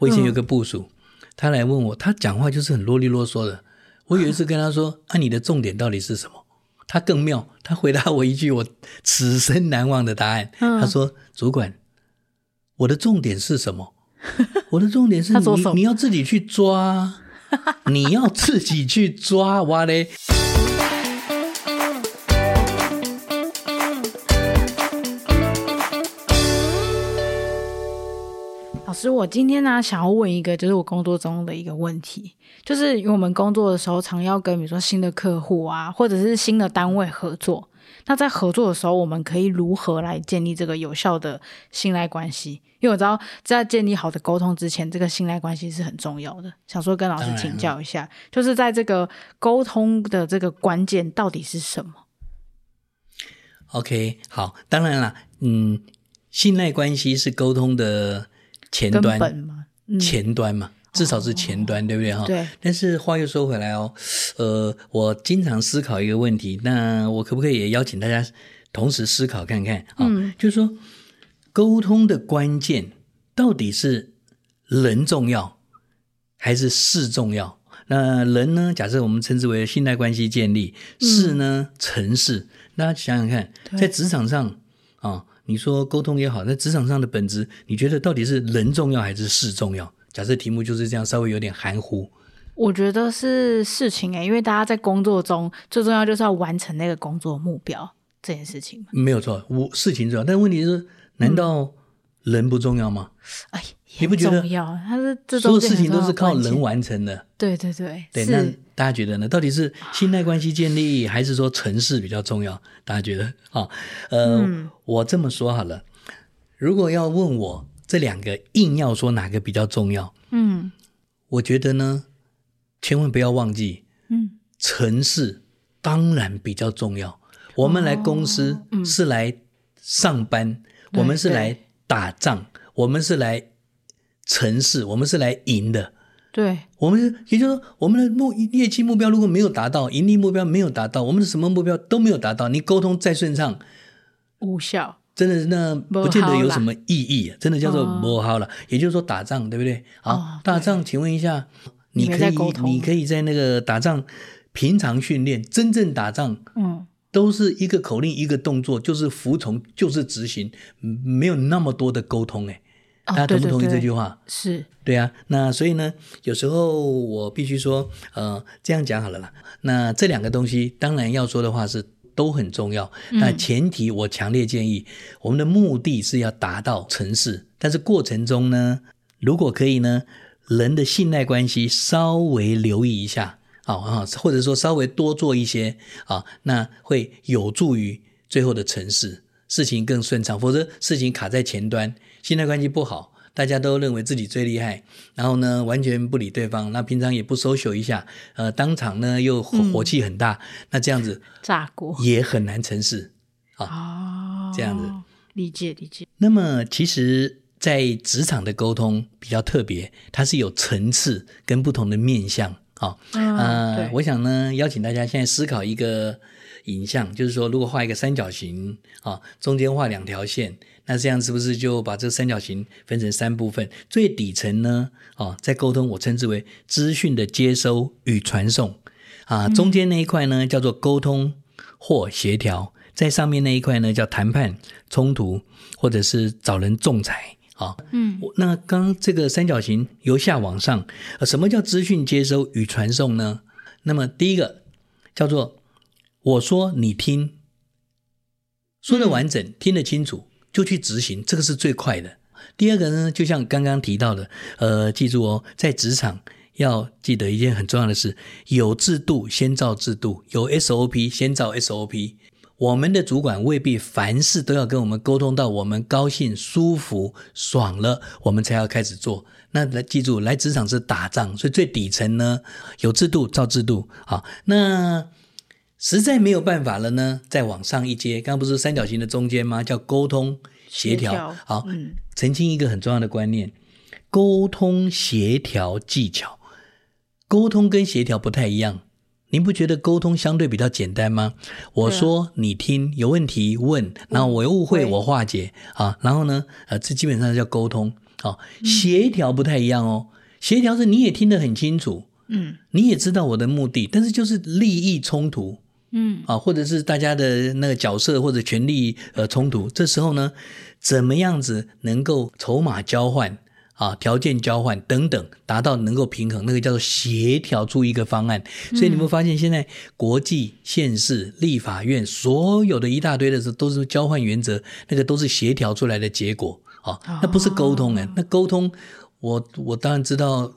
我以前有個部屬，嗯、他來問我，他講話就是很囉裡囉嗦的。我有一次跟他說：“啊，啊你的重點到底是什麼？”他更妙，他回答我一句我此生難忘的答案。嗯、他說：“主管，我的重點是什麼？我的重點是你 手你，你要自己去抓，你要自己去抓哇嘞！” 其實我今天呢，啊，想要問一個，就是我工作中的一個問題，就是我們工作的時候，常要跟比如說新的客戶啊，或者是新的單位合作。那在合作的時候，我們可以如何來建立這個有效的信賴關係？因為我知道，在建立好的溝通之前，這個信賴關係是很重要的。想說跟老師請教一下，就是在這個溝通的這個關鍵到底是什麼？OK，好，當然了，嗯，信賴關係是溝通的。前端、嗯、前端嘛，至少是前端，哦、對不對哈？對。但是話又說回來哦，呃，我經常思考一個問題，那我可不可以也邀請大家同時思考看看啊？哦、嗯。就是說，溝通的關鍵到底是人重要還是事重要？那人呢？假設我們稱之為信賴關係建立，事呢，成事、嗯。大家想想看，對在職場上啊。哦你說溝通也好，在職場上的本質，你覺得到底是人重要還是事重要？假設題目就是這樣，稍微有點含糊。我覺得是事情、欸、因為大家在工作中最重要就是要完成那個工作目標這件事情。沒有錯，我事情重要，但問題是難道人不重要嗎？嗯、哎。你不覺得，他是所有事情都是靠人完成的。對對對，對。那大家覺得呢？到底是信賴關係建立，還是說成事比較重要？大家覺得啊、哦？呃，嗯、我這麼說好了，如果要問我這兩個，硬要說哪個比較重要？嗯，我覺得呢，千萬不要忘記，嗯，成事當然比較重要。我們來公司是來上班，嗯、對對我們是來打仗，我們是來。城市，我們是來贏的。對，我們也就是說，我們的目業績目標如果沒有達到，盈利目標沒有達到，我們的什麼目標都沒有達到。你溝通再順暢，無效，真的那不見得有什麼意義，真的叫做磨耗了。嗯、也就是說，打仗對不對？好，哦、打仗，請問一下，你可以，你可以在那個打仗，平常訓練，真正打仗，嗯，都是一個口令，一個動作，就是服從，就是執行，沒有那麼多的溝通哎、欸。大家同不同意這句話？哦、對對對是對啊。那所以呢，有時候我必須說，呃，這樣講好了啦。那這兩個東西，當然要說的話是都很重要。嗯、但前提，我強烈建議，我們的目的是要達到成事，但是過程中呢，如果可以呢，人的信賴關係稍微留意一下，啊、哦，或者說稍微多做一些啊、哦，那會有助於最後的成事，事情更順暢。否則事情卡在前端。信賴關係不好，大家都認為自己最厲害，然後呢，完全不理對方，那平常也不 social 一下，呃，當場呢又火，火氣很大，嗯、那這樣子炸鍋國也很難成事啊。哦哦、這樣子理解理解。理解。那麼，其實，在職場的溝通比較特別，它是有層次跟不同的面向啊。哦嗯、呃，對我想呢，邀請大家現在思考一個。影像就是說，如果畫一個三角形啊，中間畫兩條線，那這樣是不是就把這三角形分成三部分？最底層呢啊，在溝通，我稱之為資訊的接收與傳送啊，中間那一塊呢叫做溝通或協調，在上面那一塊呢叫談判、衝突或者是找人仲裁啊。嗯，那剛這個三角形由下往上，啊，什麼叫資訊接收與傳送呢？那麼第一個叫做。我說你聽，說得完整，聽得清楚，就去執行，這個是最快的。第二個呢，就像剛剛提到的，呃，記住哦，在職場要記得一件很重要的事：有制度先造制度，有 SOP 先造 SOP。我們的主管未必凡事都要跟我們溝通到我們高興、舒服、爽了，我們才要開始做。那記住，來職場是打仗，所以最底層呢，有制度造制度。好，那。實在沒有辦法了呢，再往上一階，剛剛不是三角形的中間嗎？叫溝通協調，協調好，澄清一個很重要的觀念：嗯、溝通協調技巧。溝通跟協調不太一樣，您不覺得溝通相對比較簡單嗎？啊、我說你聽，有問題問，然後我又誤會、嗯、我化解啊，然後呢，呃，這基本上叫溝通。好，協調不太一樣哦，協調是你也聽得很清楚，嗯，你也知道我的目的，但是就是利益衝突。嗯啊，或者是大家的那個角色或者權力呃衝突，這時候呢，怎麼樣子能夠籌碼交換啊、條件交換等等，達到能夠平衡，那個叫做協調出一個方案。所以你會發現，現在國際、縣、市、立法院所有的一大堆的都是交換原則，那個都是協調出來的結果啊。那不是溝通哎、欸，那溝通我，我我當然知道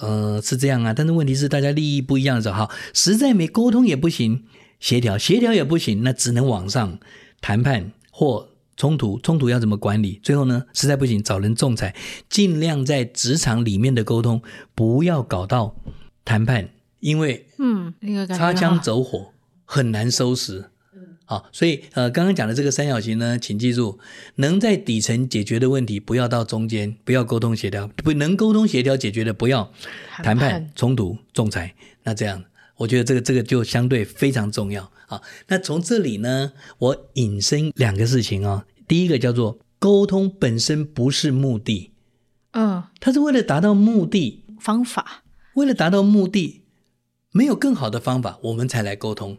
呃是這樣啊，但是問題是大家利益不一樣的時候，的哈，實在沒溝通也不行。協調協調也不行，那只能往上談判或衝突。衝突要怎麼管理？最後呢，實在不行找人仲裁。盡量在職場裡面的溝通，不要搞到談判，因為嗯，擦槍走火很難收拾。嗯這個、好，好，所以呃，剛剛講的這個三角形呢，請記住，能在底層解決的問題，不要到中間；不要溝通協調，不能溝通協調解決的，不要談判、談判衝突、仲裁。那這樣。我覺得這個這個就相對非常重要啊。那從這裡呢，我引申兩個事情啊、哦。第一個叫做溝通本身不是目的，嗯、呃，它是為了達到目的方法。為了達到目的，沒有更好的方法，我們才來溝通。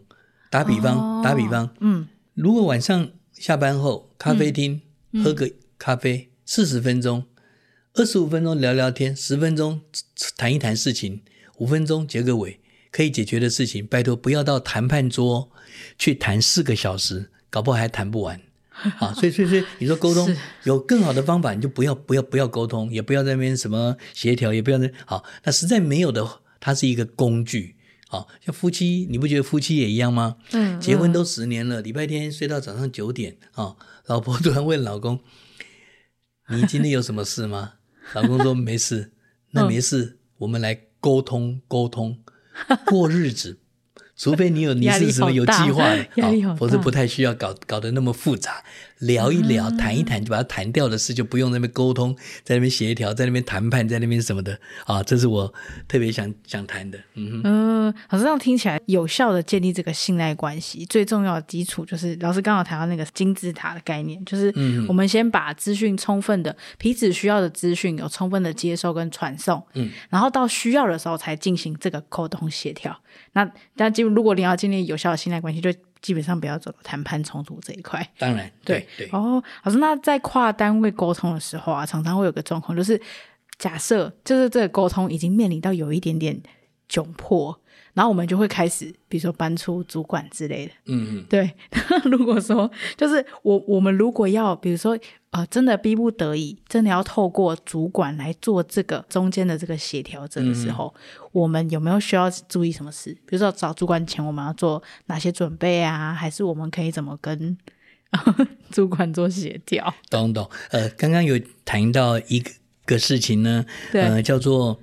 打比方，哦、打比方，嗯，如果晚上下班後咖啡廳、嗯、喝個咖啡，四十分鐘，二十五分鐘聊聊天，十分鐘談一談事情，五分鐘結個尾。可以解決的事情，拜托不要到談判桌去談四個小時，搞不好還談不完啊！所以，所以，所以，你說溝通是有更好的方法，你就不要不要不要溝通，也不要在那邊什麼協調，也不要在，好、啊。那實在沒有的，它是一個工具啊。像夫妻，你不覺得夫妻也一樣嗎？嗯，嗯，結婚都十年了，禮拜天睡到早上九點啊，老婆突然問老公：“你今天有什麼事嗎？” 老公說：“沒事。”那沒事，嗯、我們來溝通溝通。 過日子，除非你有，你是什麼有計劃的，好否則不太需要搞 搞得那麼複雜。聊一聊，談一談，就把它談掉的事，嗯、就不用在那邊溝通，在那邊協調，在那邊談判，在那邊什麼的啊，這是我特別想想談的。嗯嗯，好像、呃、這樣聽起來有效的建立這個信賴關係最重要的基礎，就是老師剛好談到那個金字塔的概念，就是我們先把資訊充分的彼此需要的資訊有充分的接收跟傳送，嗯，然後到需要的時候才進行這個溝通協調。那但進如果你要建立有效的信賴關係，就基本上不要走到談判衝突這一塊。當然，對。對哦，老師。對那在跨單位溝通的時候啊，常常會有個狀況，就是假設就是這個溝通已經面臨到有一點點窘迫。然後我們就會開始，比如說搬出主管之類的。嗯嗯。對，如果說就是我我們如果要，比如說啊、呃，真的逼不得已，真的要透過主管來做這個中間的這個協調這個時候，嗯嗯，我們有沒有需要注意什麼事？比如說找主管前我們要做哪些準備啊？還是我們可以怎麼跟、呃、主管做協調？懂懂。呃，剛剛有談到一個事情呢，對，呃，叫做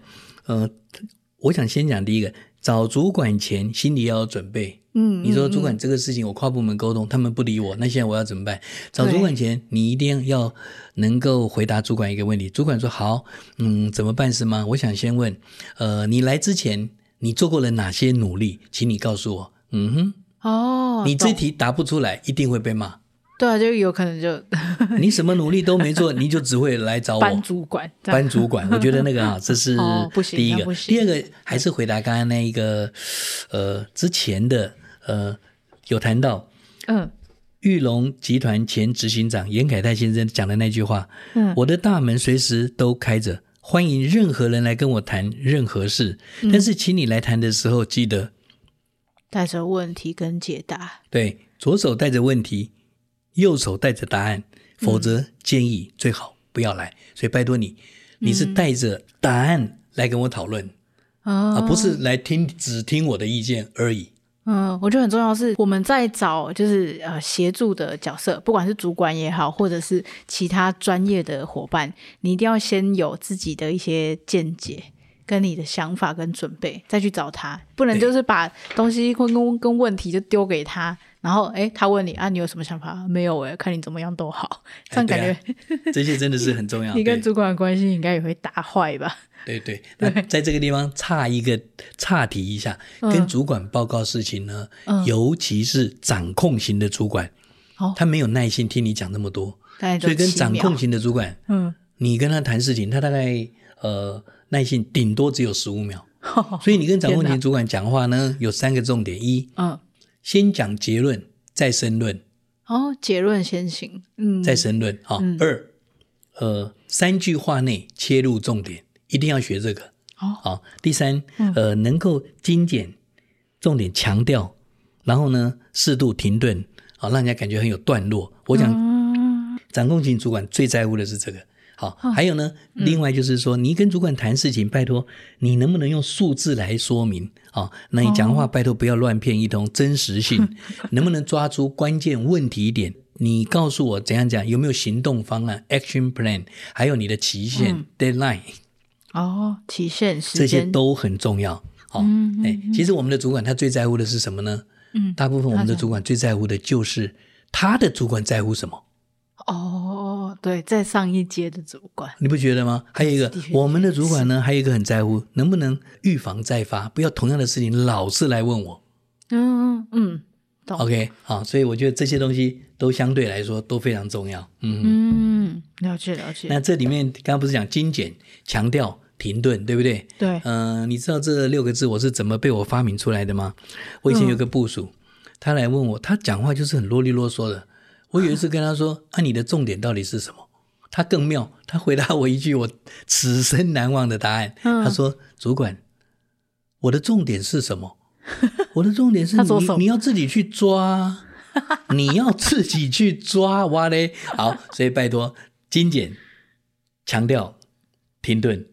呃，我想先講第一個。找主管前，心裡要有準備。嗯，你說主管這個事情，我跨部門溝通，嗯、他們不理我，那現在我要怎麼辦？找主管前，對你一定要能夠回答主管一個問題。主管說：“好，嗯，怎麼辦是嗎？”我想先問，呃，你來之前，你做過了哪些努力？請你告訴我。嗯哼，哦，你這題答不出來，懂一定會被罵。對啊，就有可能就 你什麼努力都沒做， 你就只會來找我。班主管，班主管，我覺得那個啊，這是第一個，哦、第二個對還是回答剛剛那一個呃之前的呃有談到嗯，裕隆集團前執行長嚴凱泰先生講的那句話，嗯，我的大門隨時都開着，歡迎任何人來跟我談任何事，嗯、但是請你來談的時候，記得帶着問題跟解答。對，左手帶着問題。右手帶着答案，否則建議最好不要來。嗯、所以拜托你，你是帶着答案來跟我討論，而不是來聽只聽我的意見而已。嗯，我覺得很重要的是我們在找就是呃協助的角色，不管是主管也好，或者是其他專業的夥伴，你一定要先有自己的一些見解、跟你的想法跟準備，再去找他，不能就是把東西跟跟跟問題就丟給他。然後，哎，他問你啊，你有什麼想法？沒有哎，看你怎麼樣都好，這樣感覺這些真的是很重要。你跟主管的關係應該也會打壞吧？對對，那在這個地方岔一個岔題一下，跟主管報告事情呢，尤其是掌控型的主管，他沒有耐心聽你講那麼多，所以跟掌控型的主管，嗯，你跟他談事情，他大概呃耐性頂多只有十五秒，所以你跟掌控型主管講話呢，有三個重點，一，嗯。先講結論，再申論。哦，結論先行，嗯，再申論。啊、哦，嗯、二，呃，三句話內切入重點，一定要學這個。哦，好、哦。第三，呃，能夠精簡，重點強調，嗯、然後呢，適度停頓，啊、哦，讓人家感覺很有段落。我講，嗯、掌控型主管最在乎的是這個。好，還有呢，嗯、另外就是說，你跟主管談事情，拜托你能不能用數字來說明啊、哦？那你講話、哦、拜托不要亂騙一通，真實性 能不能抓住關鍵問題點？你告訴我怎樣講，有沒有行動方案 （action plan），還有你的期限 （deadline）。嗯、Deadline, 哦，期限、時間，這些都很重要。好、哦，哎、嗯，嗯嗯、其實我們的主管他最在乎的是什麼呢？嗯，大部分我們的主管最在乎的就是他的主管在乎什麼。哦，oh, 對，再上一階的主管，你不覺得嗎？有還有一個，我們的主管呢，還有一個很在乎能不能預防再發，不要同樣的事情老是來問我。嗯嗯，懂。OK，好，所以我覺得這些東西都相對來說都非常重要。嗯，了解、嗯、了解。了解，那這裡面剛剛不是講精簡、強調、停頓，對不對？對。嗯、呃，你知道這六個字我是怎麼被我發明出來的嗎？我以前有個部屬，嗯、他來問我，他講話就是很囉里囉嗦的。我有一次跟他說：“啊，你的重點到底是什麼？”他更妙，他回答我一句我此生難忘的答案。嗯，他說：“主管，我的重點是什麼？ 我的重點是你，你要自己去抓， 你要自己去抓。”哇嘞！好，所以拜托精簡、強調、停頓。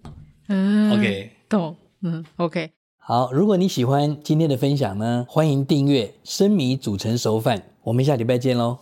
嗯，OK，懂。嗯，OK，好。如果你喜歡今天的分享呢，歡迎訂閱生米煮成熟飯。我們下禮拜見嘍。